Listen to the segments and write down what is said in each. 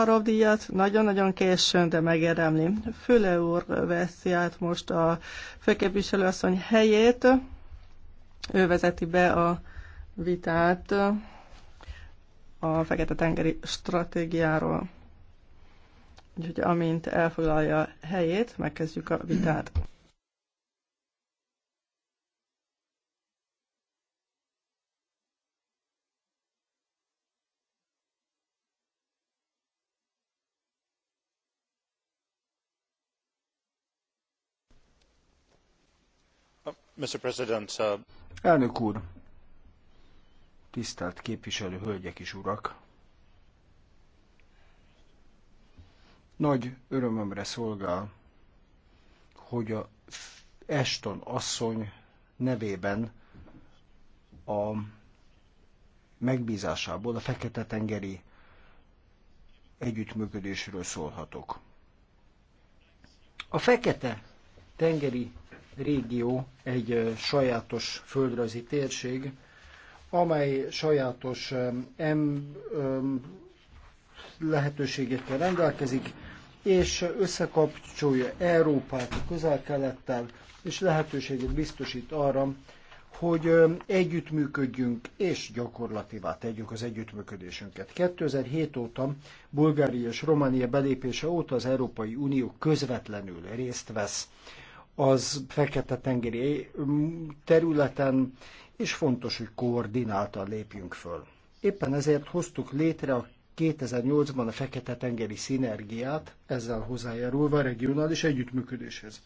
Szaharov nagyon-nagyon későn, de megérdemli. Füle úr veszi át most a főképviselőasszony helyét. Ő vezeti be a vitát a Fekete-tengeri stratégiáról. Úgyhogy amint elfoglalja helyét, megkezdjük a vitát. Uh, Elnök úr, tisztelt képviselő hölgyek és urak! Nagy örömömre szolgál, hogy a Eston asszony nevében a megbízásából a Fekete-tengeri együttműködésről szólhatok. A Fekete-tengeri régió egy sajátos földrajzi térség, amely sajátos em, lehetőségekkel rendelkezik, és összekapcsolja Európát a közel-kelettel, és lehetőséget biztosít arra, hogy együttműködjünk és gyakorlativá tegyük az együttműködésünket. 2007 óta Bulgária és Románia belépése óta az Európai Unió közvetlenül részt vesz az Fekete-tengeri eh, területen, és fontos, hogy koordináltan lépjünk föl. Éppen ezért hoztuk létre a 2008-ban a Fekete-tengeri szinergiát, ezzel hozzájárulva a regionális együttműködéshez.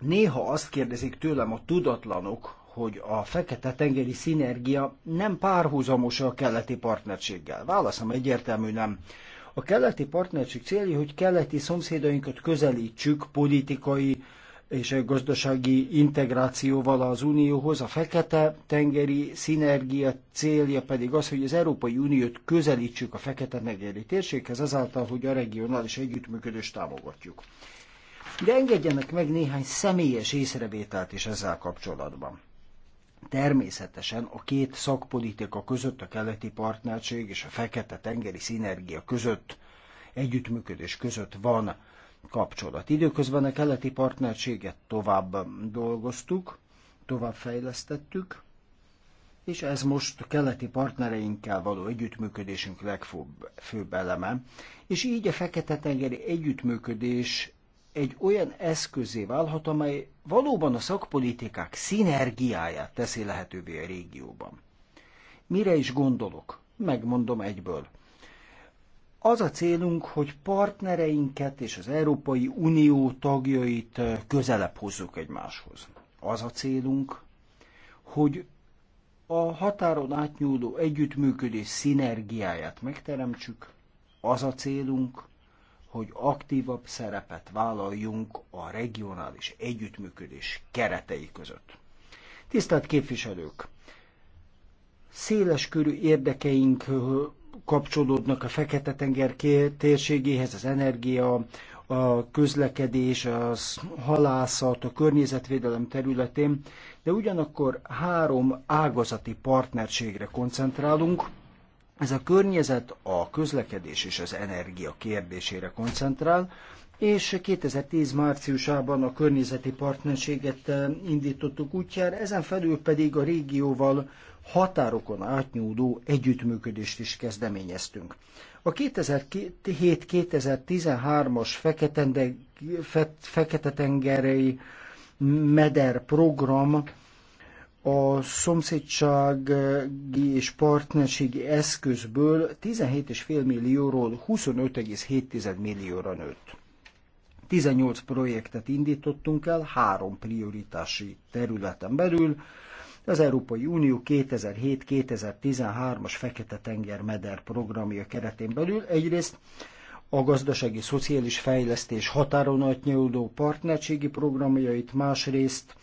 Néha azt kérdezik tőlem a tudatlanok, hogy a Fekete-tengeri szinergia nem párhuzamos a keleti partnerséggel. Válaszom egyértelmű nem. A keleti partnerség célja, hogy keleti szomszédainkat közelítsük politikai és gazdasági integrációval az Unióhoz. A Fekete-tengeri szinergia célja pedig az, hogy az Európai Uniót közelítsük a Fekete-tengeri térséghez, azáltal, hogy a regionális együttműködést támogatjuk. De engedjenek meg néhány személyes észrevételt is ezzel kapcsolatban. Természetesen a két szakpolitika között, a keleti partnerség és a fekete-tengeri szinergia között, együttműködés között van kapcsolat. Időközben a keleti partnerséget tovább dolgoztuk, tovább fejlesztettük, és ez most a keleti partnereinkkel való együttműködésünk legfőbb eleme, és így a Fekete-tengeri együttműködés egy olyan eszközé válhat, amely valóban a szakpolitikák szinergiáját teszi lehetővé a régióban. Mire is gondolok? Megmondom egyből. Az a célunk, hogy partnereinket és az Európai Unió tagjait közelebb hozzuk egymáshoz. Az a célunk, hogy a határon átnyúló együttműködés szinergiáját megteremtsük. Az a célunk, hogy aktívabb szerepet vállaljunk a regionális együttműködés keretei között. Tisztelt képviselők! Széles körű érdekeink kapcsolódnak a Fekete-tenger térségéhez, az energia, a közlekedés, a halászat, a környezetvédelem területén, de ugyanakkor három ágazati partnerségre koncentrálunk, ez a környezet a közlekedés és az energia kérdésére koncentrál, és 2010 márciusában a környezeti partnerséget eh, indítottuk útjára, ezen felül pedig a régióval határokon átnyúló együttműködést is kezdeményeztünk. A 2007-2013-as Fekete-tengeri Meder program a szomszédsági és partnerségi eszközből 17,5 millióról 25,7 millióra nőtt. 18 projektet indítottunk el három prioritási területen belül, az Európai Unió 2007-2013-as Fekete-tenger meder programja keretén belül egyrészt a gazdasági szociális fejlesztés határon átnyúló partnerségi programjait, másrészt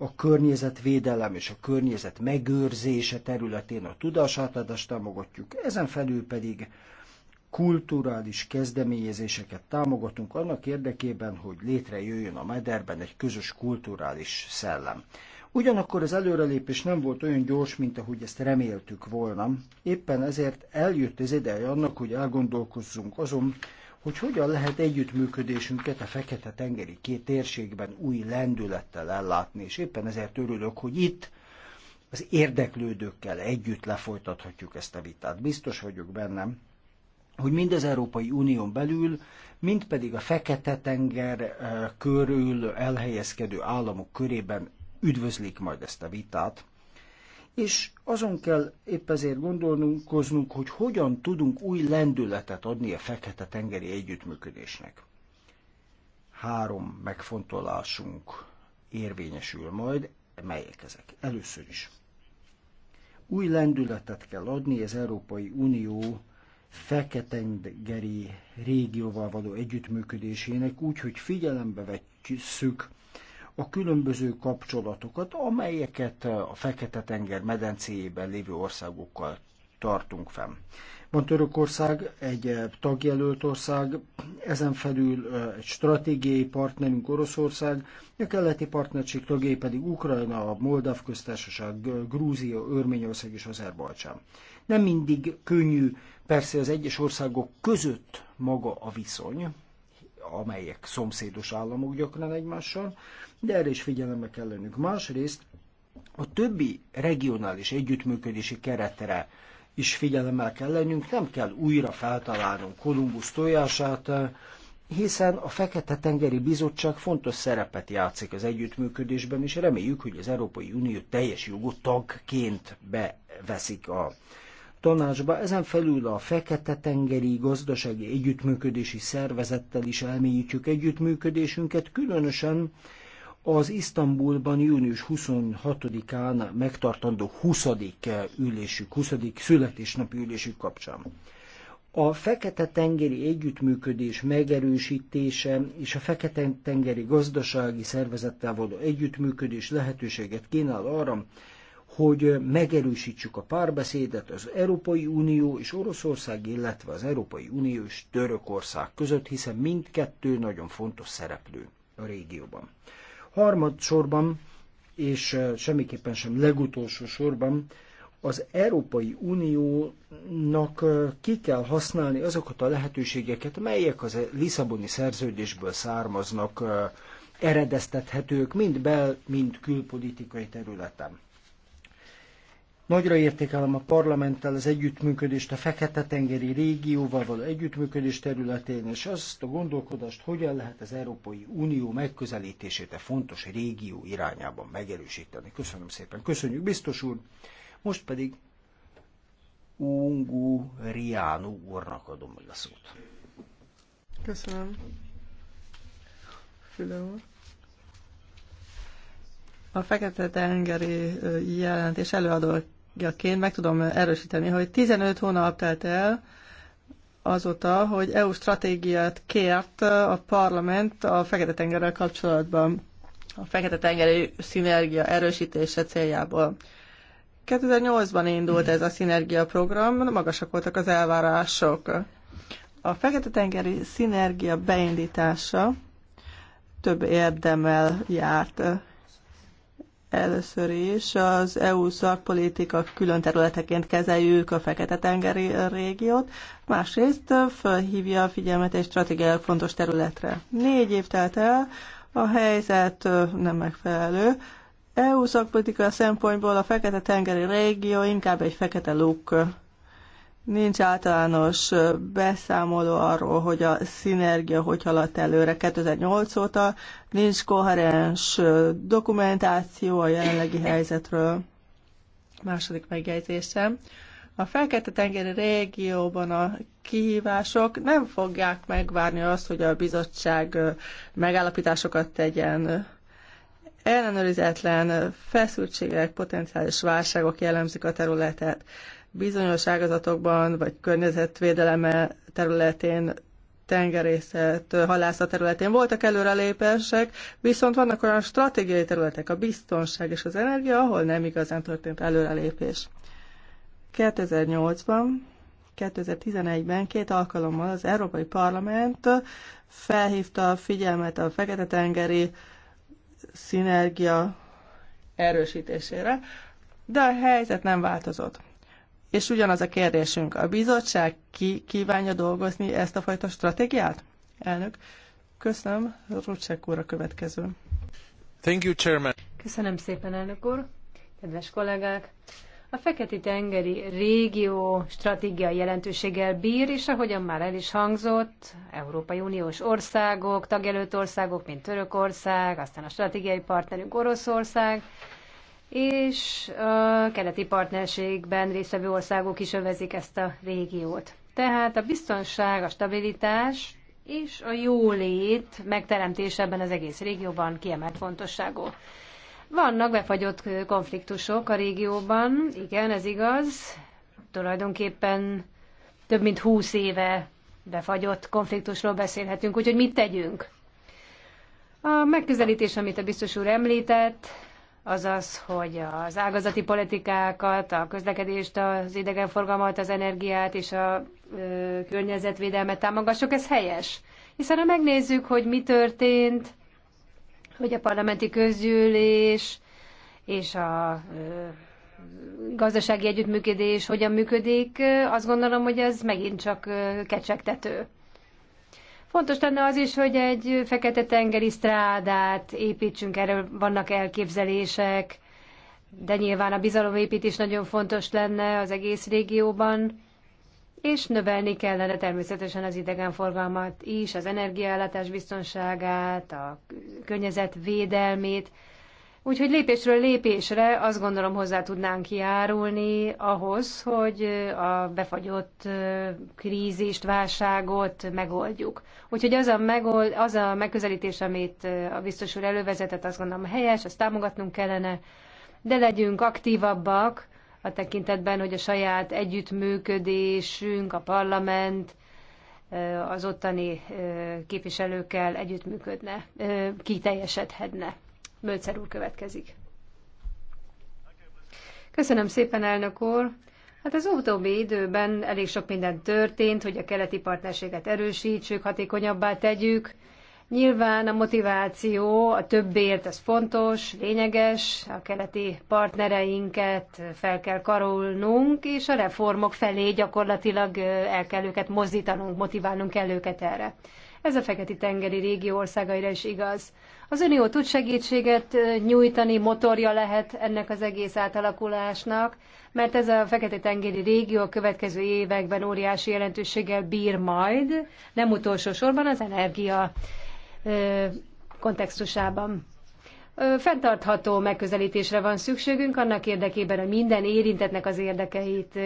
a környezetvédelem és a környezet megőrzése területén a tudásátadást támogatjuk, ezen felül pedig kulturális kezdeményezéseket támogatunk annak érdekében, hogy létrejöjjön a mederben egy közös kulturális szellem. Ugyanakkor az előrelépés nem volt olyan gyors, mint ahogy ezt reméltük volna. Éppen ezért eljött az ideje annak, hogy elgondolkozzunk azon, hogy hogyan lehet együttműködésünket a Fekete-tengeri két térségben új lendülettel ellátni, és éppen ezért örülök, hogy itt az érdeklődőkkel együtt lefolytathatjuk ezt a vitát. Biztos vagyok bennem, hogy mind az Európai Unión belül, mind pedig a Fekete-tenger eh, körül elhelyezkedő államok körében üdvözlik majd ezt a vitát, és azon kell épp ezért gondolkoznunk, hogy hogyan tudunk új lendületet adni a Fekete-tengeri együttműködésnek. Három megfontolásunk érvényesül majd, melyek ezek? Először is. Új lendületet kell adni az Európai Unió Feketengeri régióval való együttműködésének úgy, hogy figyelembe vetjük a különböző kapcsolatokat, amelyeket a Fekete-tenger medencéjében lévő országokkal tartunk fenn. Van Törökország, egy tagjelölt ország, ezen felül egy stratégiai partnerünk Oroszország, a keleti partnerség tagjai pedig Ukrajna, a Moldav köztársaság, Grúzia, Örményország és Azerbajcsán. Nem mindig könnyű persze az egyes országok között maga a viszony, amelyek szomszédos államok gyakran egymással, de erre is figyelembe kell lennünk. Másrészt a többi regionális együttműködési keretre is figyelemmel kell lennünk, nem kell újra feltalálnunk Kolumbusz tojását, hiszen a Fekete-tengeri Bizottság fontos szerepet játszik az együttműködésben, és reméljük, hogy az Európai Unió teljes jogú tagként beveszik a tanácsba, ezen felül a Fekete-tengeri Gazdasági Együttműködési Szervezettel is elmélyítjük együttműködésünket, különösen az Isztambulban június 26-án megtartandó 20. ülésük, 20. születésnapi ülésük kapcsán. A Fekete-tengeri együttműködés megerősítése és a Fekete-tengeri gazdasági szervezettel való együttműködés lehetőséget kínál arra, hogy megerősítsük a párbeszédet az Európai Unió és Oroszország, illetve az Európai Unió és Törökország között, hiszen mindkettő nagyon fontos szereplő a régióban. Harmadsorban, és semmiképpen sem legutolsó sorban, az Európai Uniónak ki kell használni azokat a lehetőségeket, melyek az Lisszaboni szerződésből származnak, eredeztethetők mind bel, mind külpolitikai területen. Nagyra értékelem a parlamenttel az együttműködést a Fekete-tengeri régióval való együttműködés területén, és azt a gondolkodást, hogyan lehet az Európai Unió megközelítését a fontos régió irányában megerősíteni. Köszönöm szépen. Köszönjük, biztos úr. Most pedig Ungu Riánu úrnak adom meg a szót. Köszönöm. Füle úr. A Fekete-tengeri jelentés előadott tagjaként meg tudom erősíteni, hogy 15 hónap telt el azóta, hogy EU stratégiát kért a parlament a Fekete-tengerrel kapcsolatban, a Fekete-tengeri szinergia erősítése céljából. 2008-ban indult ez a szinergia program, magasak voltak az elvárások. A Fekete-tengeri szinergia beindítása több érdemmel járt. Először is az EU szakpolitika külön területeként kezeljük a Fekete-tengeri régiót, másrészt felhívja a figyelmet egy stratégiai fontos területre. Négy év telt el, a helyzet nem megfelelő. EU szakpolitika szempontból a Fekete-tengeri régió inkább egy fekete luk Nincs általános beszámoló arról, hogy a szinergia hogy haladt előre 2008 óta, nincs koherens dokumentáció a jelenlegi helyzetről. Második megjegyzésem. A felkelte tengeri régióban a kihívások nem fogják megvárni azt, hogy a bizottság megállapításokat tegyen. Ellenőrizetlen feszültségek, potenciális válságok jellemzik a területet bizonyos ágazatokban, vagy környezetvédeleme területén, tengerészet, halászat területén voltak előrelépések, viszont vannak olyan stratégiai területek, a biztonság és az energia, ahol nem igazán történt előrelépés. 2008-ban 2011-ben két alkalommal az Európai Parlament felhívta a figyelmet a Fekete-tengeri szinergia erősítésére, de a helyzet nem változott. És ugyanaz a kérdésünk, a bizottság ki kívánja dolgozni ezt a fajta stratégiát? Elnök, köszönöm, Rucsek úr a következő. Thank you, Chairman. Köszönöm szépen, elnök úr. Kedves kollégák, a Feketi-tengeri régió stratégiai jelentőséggel bír, és ahogyan már el is hangzott, Európai Uniós országok, tagjelölt országok, mint Törökország, aztán a stratégiai partnerünk Oroszország, és a keleti partnerségben résztvevő országok is övezik ezt a régiót. Tehát a biztonság, a stabilitás és a jólét megteremtése ebben az egész régióban kiemelt fontosságú. Vannak befagyott konfliktusok a régióban, igen, ez igaz. Tulajdonképpen több mint húsz éve befagyott konfliktusról beszélhetünk, úgyhogy mit tegyünk? A megközelítés, amit a biztos úr említett, azaz, hogy az ágazati politikákat, a közlekedést, az idegenforgalmat, az energiát és a ö, környezetvédelmet támogassuk, ez helyes. Hiszen ha megnézzük, hogy mi történt, hogy a parlamenti közgyűlés és a ö, gazdasági együttműködés hogyan működik, azt gondolom, hogy ez megint csak kecsegtető. Fontos lenne az is, hogy egy fekete-tengeri strádát építsünk, erről vannak elképzelések, de nyilván a bizalomépítés nagyon fontos lenne az egész régióban, és növelni kellene természetesen az idegenforgalmat is, az energiállátás biztonságát, a környezet védelmét, Úgyhogy lépésről lépésre azt gondolom hozzá tudnánk járulni ahhoz, hogy a befagyott krízist, válságot megoldjuk. Úgyhogy az a, megold, az a megközelítés, amit a biztos úr elővezetett, azt gondolom helyes, azt támogatnunk kellene, de legyünk aktívabbak a tekintetben, hogy a saját együttműködésünk, a parlament, az ottani képviselőkkel együttműködne, kiteljesedhetne. Mölcer úr következik. Köszönöm szépen, elnök úr! Hát az utóbbi időben elég sok minden történt, hogy a keleti partnerséget erősítsük, hatékonyabbá tegyük. Nyilván a motiváció, a többért, ez fontos, lényeges, a keleti partnereinket fel kell karolnunk, és a reformok felé gyakorlatilag el kell őket mozdítanunk, motiválnunk kell őket erre. Ez a feketi tengeri régió országaira is igaz. Az Unió tud segítséget nyújtani, motorja lehet ennek az egész átalakulásnak, mert ez a Fekete-tengeri régió a következő években óriási jelentőséggel bír majd, nem utolsó sorban az energia kontextusában. Fentartható megközelítésre van szükségünk annak érdekében, hogy minden érintetnek az érdekeit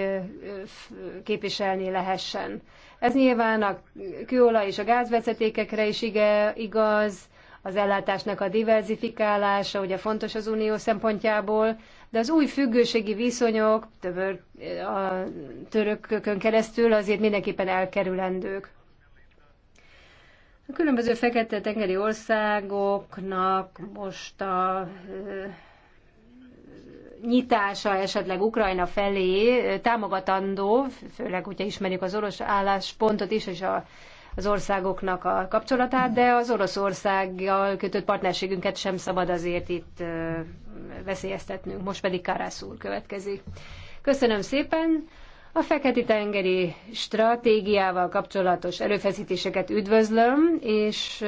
képviselni lehessen. Ez nyilván a kőolaj és a gázvezetékekre is igaz, az ellátásnak a diverzifikálása, ugye fontos az unió szempontjából, de az új függőségi viszonyok tövör, a törökökön keresztül azért mindenképpen elkerülendők. A különböző fekete-tengeri országoknak most a nyitása esetleg Ukrajna felé támogatandó, főleg, hogyha ismerjük az orosz álláspontot is, és a az országoknak a kapcsolatát, de az Oroszországgal kötött partnerségünket sem szabad azért itt veszélyeztetnünk. Most pedig Karász úr következik. Köszönöm szépen! A Feketi-tengeri stratégiával kapcsolatos erőfeszítéseket üdvözlöm, és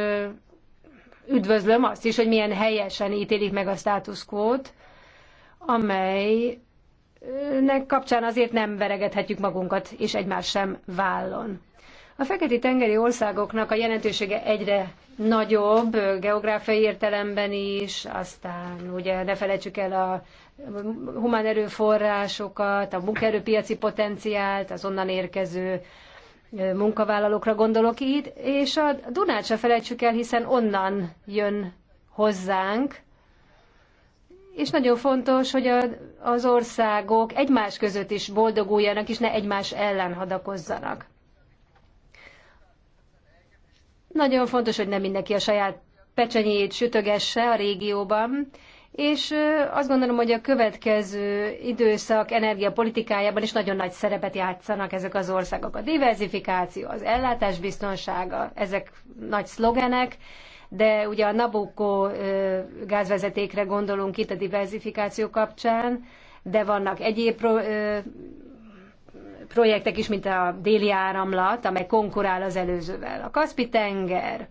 üdvözlöm azt is, hogy milyen helyesen ítélik meg a státuszkót, amely t amelynek kapcsán azért nem veregethetjük magunkat, és egymás sem vállon. A Feketi-tengeri országoknak a jelentősége egyre nagyobb, geográfiai értelemben is, aztán ugye ne felejtsük el a humán erőforrásokat, a munkaerőpiaci potenciált, az onnan érkező munkavállalókra gondolok itt, és a Dunát se felejtsük el, hiszen onnan jön hozzánk, és nagyon fontos, hogy a, az országok egymás között is boldoguljanak, és ne egymás ellen hadakozzanak. Nagyon fontos, hogy nem mindenki a saját pecsenyét sütögesse a régióban, és azt gondolom, hogy a következő időszak energiapolitikájában is nagyon nagy szerepet játszanak ezek az országok. A diversifikáció, az ellátás biztonsága, ezek nagy szlogenek, de ugye a Nabucco gázvezetékre gondolunk itt a diversifikáció kapcsán, de vannak egyéb projektek is, mint a déli áramlat, amely konkurál az előzővel. A Kaspi-tenger,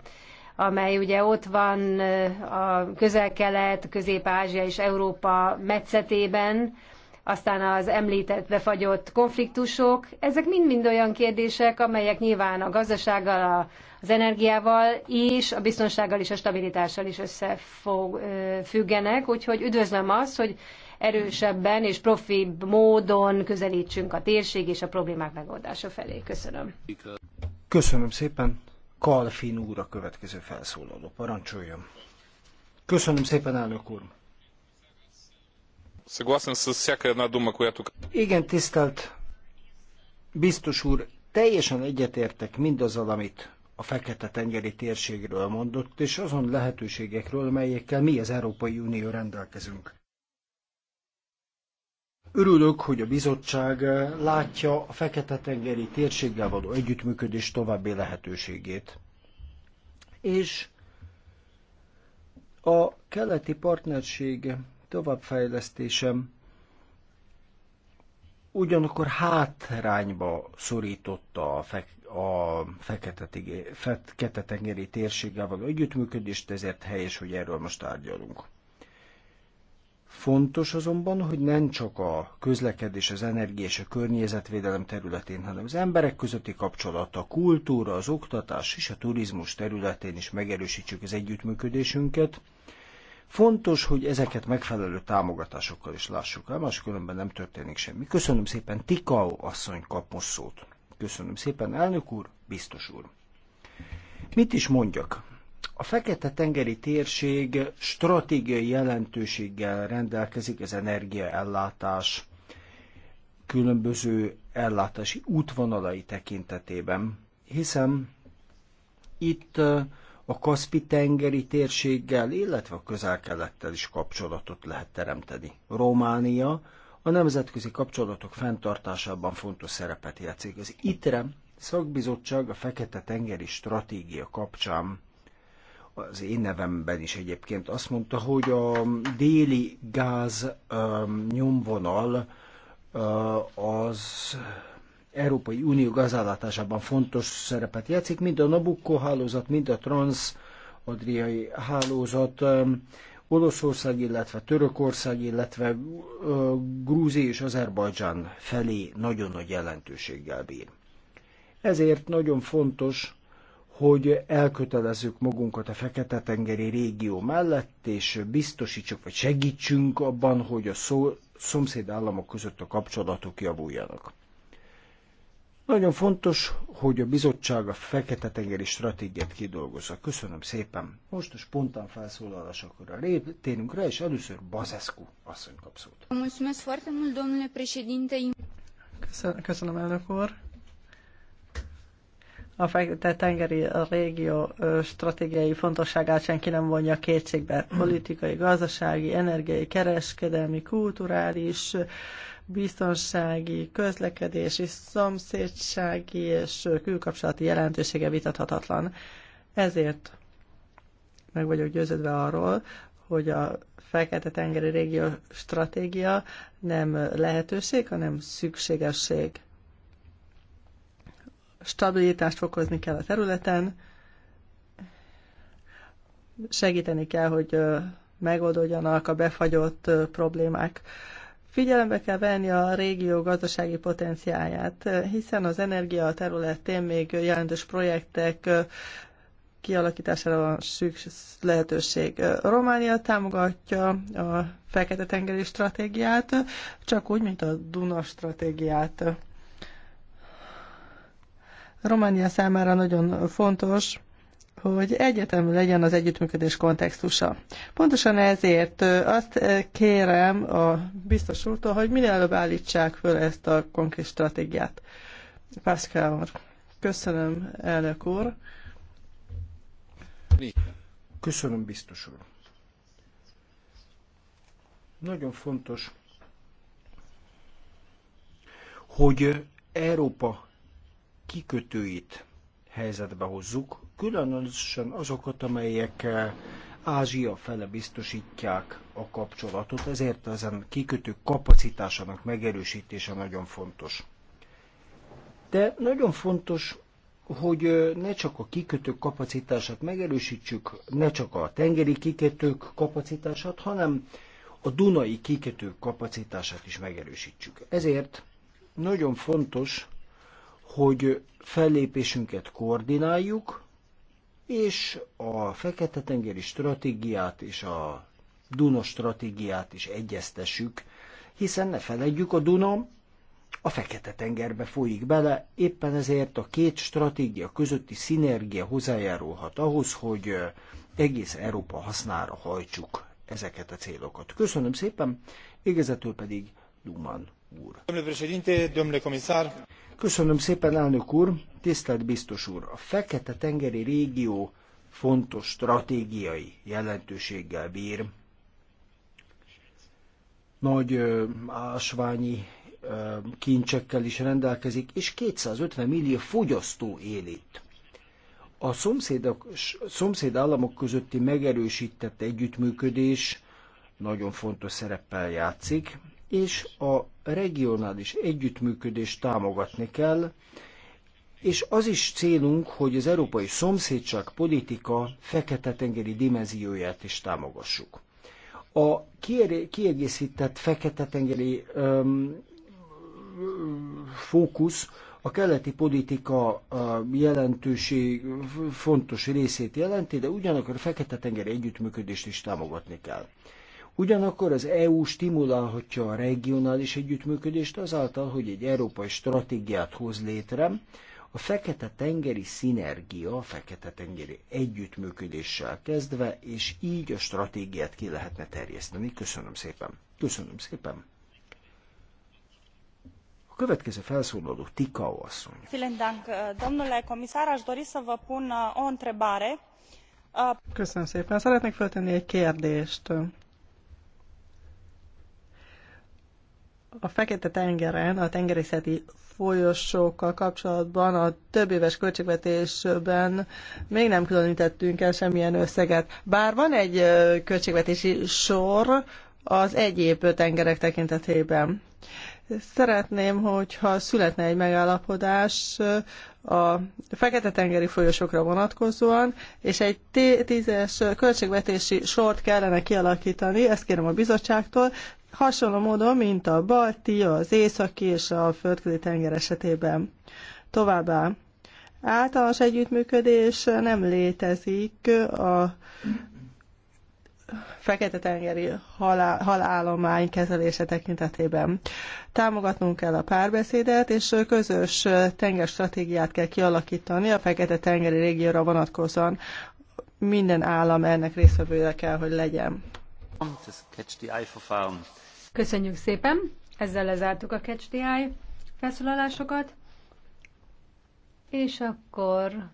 amely ugye ott van a közel-kelet, közép-ázsia és Európa metszetében, aztán az említett befagyott konfliktusok, ezek mind-mind olyan kérdések, amelyek nyilván a gazdasággal, a az energiával is, a biztonsággal és a stabilitással is összefüggenek, úgyhogy üdvözlöm azt, hogy erősebben és profibb módon közelítsünk a térség és a problémák megoldása felé. Köszönöm. Köszönöm szépen. Kalfin úr a következő felszólaló. Parancsoljon. Köszönöm szépen, elnök úr. Igen, tisztelt biztos úr, teljesen egyetértek mindazzal, amit a Fekete-tengeri térségről mondott, és azon lehetőségekről, melyekkel mi az Európai Unió rendelkezünk. Örülök, hogy a bizottság látja a Fekete-tengeri térséggel való együttműködés további lehetőségét. És a keleti partnerség továbbfejlesztésem ugyanakkor hátrányba szorította a a Fekete-tengeri térséggel való együttműködést, ezért helyes, hogy erről most tárgyalunk. Fontos azonban, hogy nem csak a közlekedés, az energia és a környezetvédelem területén, hanem az emberek közötti kapcsolat, a kultúra, az oktatás és a turizmus területén is megerősítsük az együttműködésünket. Fontos, hogy ezeket megfelelő támogatásokkal is lássuk el, máskülönben nem történik semmi. Köszönöm szépen, Tikao asszony kap most szót. Köszönöm szépen, elnök úr, biztos úr. Mit is mondjak? A Fekete-tengeri térség stratégiai jelentőséggel rendelkezik az energiaellátás különböző ellátási útvonalai tekintetében, hiszen itt a Kaszpi-tengeri térséggel, illetve a közel-kelettel is kapcsolatot lehet teremteni. Románia a nemzetközi kapcsolatok fenntartásában fontos szerepet játszik. Az ITRE szakbizottság a Fekete-tengeri stratégia kapcsán az én nevemben is egyébként azt mondta, hogy a déli gáz um, nyomvonal uh, az Európai Unió gazállátásában fontos szerepet játszik, mind a Nabucco hálózat, mind a Trans-Adriai hálózat um, Oroszország, illetve Törökország, illetve Grúzia és Azerbajdzsán felé nagyon nagy jelentőséggel bír. Ezért nagyon fontos, hogy elkötelezzük magunkat a Fekete-tengeri régió mellett, és biztosítsuk, vagy segítsünk abban, hogy a szó, szomszéd államok között a kapcsolatok javuljanak. Nagyon fontos, hogy a bizottság a Fekete-tengeri stratégiát kidolgozza. Köszönöm szépen. Most a spontán felszólalásokra térünk rá, és először Bazescu asszony kap szót. Köszönöm, elnök úr a fekete tengeri régió stratégiai fontosságát senki nem vonja kétségbe. Politikai, gazdasági, energiai, kereskedelmi, kulturális, biztonsági, közlekedési, szomszédsági és külkapcsolati jelentősége vitathatatlan. Ezért meg vagyok győződve arról, hogy a Fekete-tengeri régió stratégia nem lehetőség, hanem szükségesség stabilitást fokozni kell a területen, segíteni kell, hogy megoldódjanak a befagyott problémák. Figyelembe kell venni a régió gazdasági potenciáját, hiszen az energia területén még jelentős projektek kialakítására van szükség, lehetőség. Románia támogatja a Fekete-tengeri stratégiát, csak úgy, mint a Duna stratégiát. Románia számára nagyon fontos, hogy egyetemű legyen az együttműködés kontextusa. Pontosan ezért azt kérem a biztos úrtól, hogy minél előbb állítsák föl ezt a konkrét stratégiát. Pászkál úr. Köszönöm, elnök úr. Köszönöm, biztos úr. Nagyon fontos, hogy Európa kikötőit helyzetbe hozzuk, különösen azokat, amelyek eh, Ázsia fele biztosítják a kapcsolatot, ezért ezen kikötők kapacitásának megerősítése nagyon fontos. De nagyon fontos, hogy eh, ne csak a kikötők kapacitását megerősítsük, ne csak a tengeri kikötők kapacitását, hanem a Dunai kikötők kapacitását is megerősítsük. Ezért nagyon fontos, hogy fellépésünket koordináljuk, és a Fekete-tengeri stratégiát és a Duna stratégiát is egyeztessük, hiszen ne feledjük, a Duna a Fekete-tengerbe folyik bele, éppen ezért a két stratégia közötti szinergia hozzájárulhat ahhoz, hogy egész Európa hasznára hajtsuk ezeket a célokat. Köszönöm szépen, végezetül pedig Duman úr. Köszönöm szépen, elnök úr, tisztelt biztos úr. A Fekete-tengeri régió fontos stratégiai jelentőséggel bír. Nagy ö, ásványi ö, kincsekkel is rendelkezik, és 250 millió fogyasztó él itt. A szomszédok, szomszéd államok közötti megerősített együttműködés nagyon fontos szereppel játszik, és a regionális együttműködést támogatni kell, és az is célunk, hogy az európai szomszédság politika fekete-tengeri dimenzióját is támogassuk. A kiegészített fekete-tengeri fókusz a keleti politika jelentőség fontos részét jelenti, de ugyanakkor a fekete-tengeri együttműködést is támogatni kell. Ugyanakkor az EU stimulálhatja a regionális együttműködést azáltal, hogy egy európai stratégiát hoz létre, a fekete-tengeri szinergia, a fekete-tengeri együttműködéssel kezdve, és így a stratégiát ki lehetne terjeszteni. Köszönöm szépen. Köszönöm szépen. A következő felszólaló Tikao asszony. Eh, domnule comisar, aș dori să vă pun eh, o întrebare. Köszönöm szépen. Szeretnék feltenni egy kérdést. a Fekete-tengeren, a tengerészeti folyosókkal kapcsolatban a több éves költségvetésben még nem különítettünk el semmilyen összeget. Bár van egy költségvetési sor az egyéb tengerek tekintetében. Szeretném, hogyha születne egy megállapodás a Fekete-tengeri folyosókra vonatkozóan, és egy tízes költségvetési sort kellene kialakítani, ezt kérem a bizottságtól, hasonló módon, mint a balti, az északi és a földközi tenger esetében. Továbbá általános együttműködés nem létezik a Fekete-tengeri halál, halállomány kezelése tekintetében. Támogatnunk kell a párbeszédet, és közös stratégiát kell kialakítani a Fekete-tengeri régióra vonatkozóan. Minden állam ennek résztvevője kell, hogy legyen. Köszönjük szépen! Ezzel lezártuk a CatchDI felszólalásokat, és akkor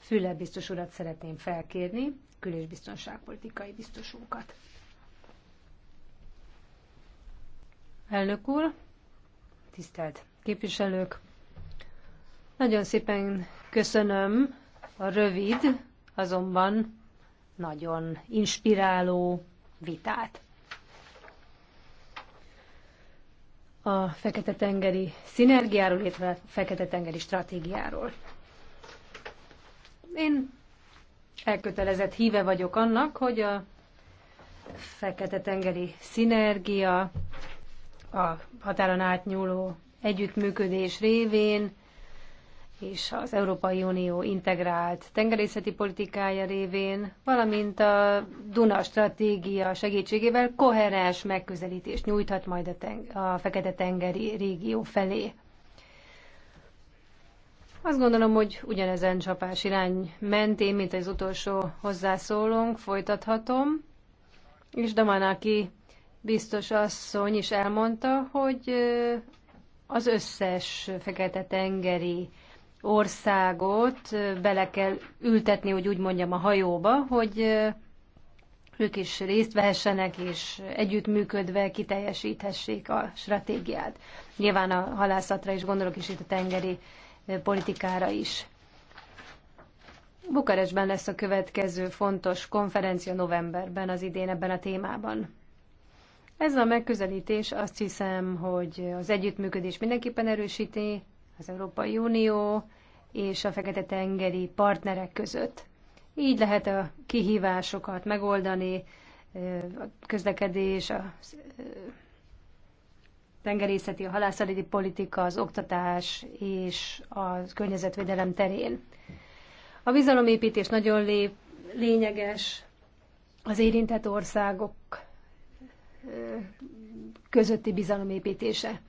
Füle biztos urat szeretném felkérni, külésbiztonságpolitikai biztonságpolitikai biztosunkat. Elnök úr, tisztelt képviselők, nagyon szépen köszönöm a rövid, azonban nagyon inspiráló vitát. a Fekete-tengeri szinergiáról, illetve a Fekete-tengeri stratégiáról. Én elkötelezett híve vagyok annak, hogy a Fekete-tengeri szinergia a határon átnyúló együttműködés révén és az Európai Unió integrált tengerészeti politikája révén, valamint a Duna stratégia segítségével koherens megközelítést nyújthat majd a, ten- a Fekete-tengeri régió felé. Azt gondolom, hogy ugyanezen csapás irány mentén, mint az utolsó hozzászólónk, folytathatom. És Damanaki biztos asszony is elmondta, hogy az összes fekete tengeri országot bele kell ültetni, hogy úgy mondjam, a hajóba, hogy ők is részt vehessenek, és együttműködve kiteljesíthessék a stratégiát. Nyilván a halászatra is gondolok, és itt a tengeri politikára is. Bukarestben lesz a következő fontos konferencia novemberben az idén ebben a témában. Ez a megközelítés azt hiszem, hogy az együttműködés mindenképpen erősíti az Európai Unió és a Fekete-tengeri partnerek között. Így lehet a kihívásokat megoldani, a közlekedés, a tengerészeti, a halászati politika, az oktatás és a környezetvédelem terén. A bizalomépítés nagyon lé- lényeges az érintett országok közötti bizalomépítése.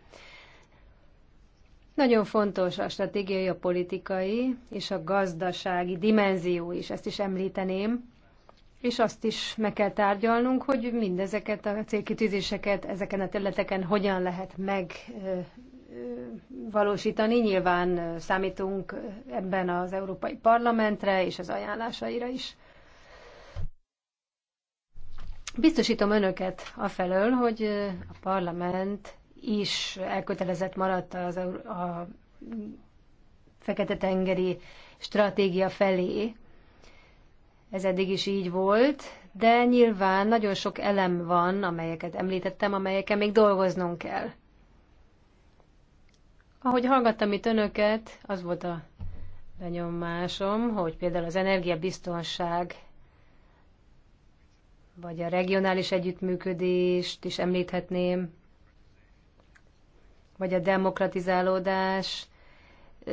Nagyon fontos a stratégiai, a politikai és a gazdasági dimenzió is, ezt is említeném, és azt is meg kell tárgyalnunk, hogy mindezeket a célkitűzéseket ezeken a területeken hogyan lehet megvalósítani. Nyilván számítunk ebben az Európai Parlamentre és az ajánlásaira is. Biztosítom önöket afelől, hogy a parlament is elkötelezett maradt az a Fekete-tengeri stratégia felé. Ez eddig is így volt, de nyilván nagyon sok elem van, amelyeket említettem, amelyeken még dolgoznunk kell. Ahogy hallgattam itt önöket, az volt a benyomásom, hogy például az energiabiztonság vagy a regionális együttműködést is említhetném, vagy a demokratizálódás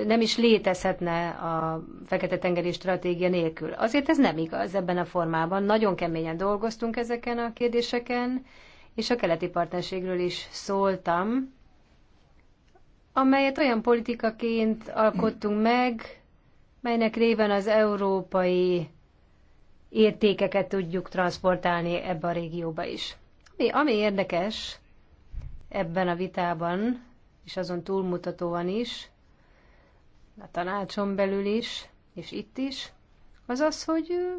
nem is létezhetne a Fekete-tengeri stratégia nélkül. Azért ez nem igaz ebben a formában. Nagyon keményen dolgoztunk ezeken a kérdéseken, és a keleti partnerségről is szóltam, amelyet olyan politikaként alkottunk meg, melynek réven az európai értékeket tudjuk transportálni ebbe a régióba is. Ami, ami érdekes ebben a vitában, és azon túlmutatóan is, a tanácson belül is, és itt is, az az, hogy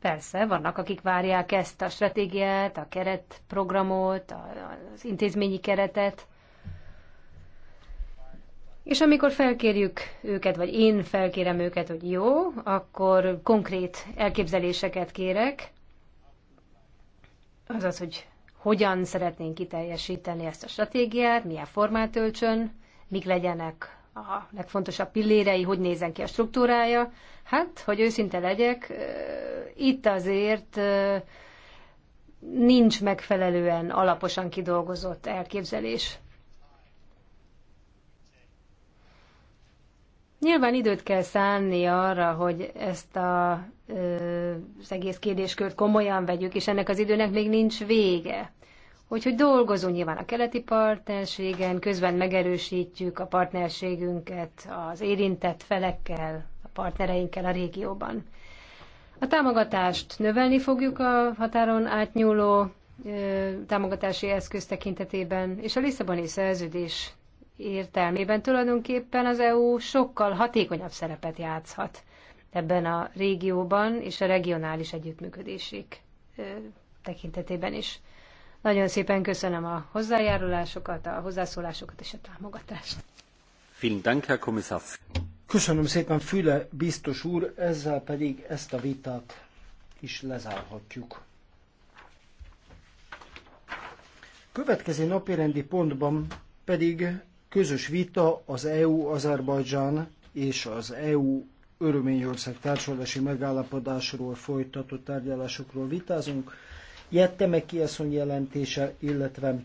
persze vannak, akik várják ezt a stratégiát, a keretprogramot, az intézményi keretet, és amikor felkérjük őket, vagy én felkérem őket, hogy jó, akkor konkrét elképzeléseket kérek, azaz, hogy hogyan szeretnénk kiteljesíteni ezt a stratégiát, milyen formát öltsön, mik legyenek a legfontosabb pillérei, hogy nézen ki a struktúrája. Hát, hogy őszinte legyek, itt azért nincs megfelelően alaposan kidolgozott elképzelés. Nyilván időt kell szánni arra, hogy ezt a, az egész kérdéskört komolyan vegyük, és ennek az időnek még nincs vége. Úgyhogy dolgozunk nyilván a keleti partnerségen, közben megerősítjük a partnerségünket az érintett felekkel, a partnereinkkel a régióban. A támogatást növelni fogjuk a határon átnyúló támogatási eszköz tekintetében, és a Lisszaboni szerződés értelmében tulajdonképpen az EU sokkal hatékonyabb szerepet játszhat ebben a régióban és a regionális együttműködésig tekintetében is. Nagyon szépen köszönöm a hozzájárulásokat, a hozzászólásokat és a támogatást. Köszönöm szépen, Füle biztos úr, ezzel pedig ezt a vitát is lezárhatjuk. Következő napirendi pontban pedig Közös vita az EU-Azerbajdzsán és az EU Örményország társadalmi megállapodásról folytatott tárgyalásokról vitázunk. Jette meg asszony jelentése, illetve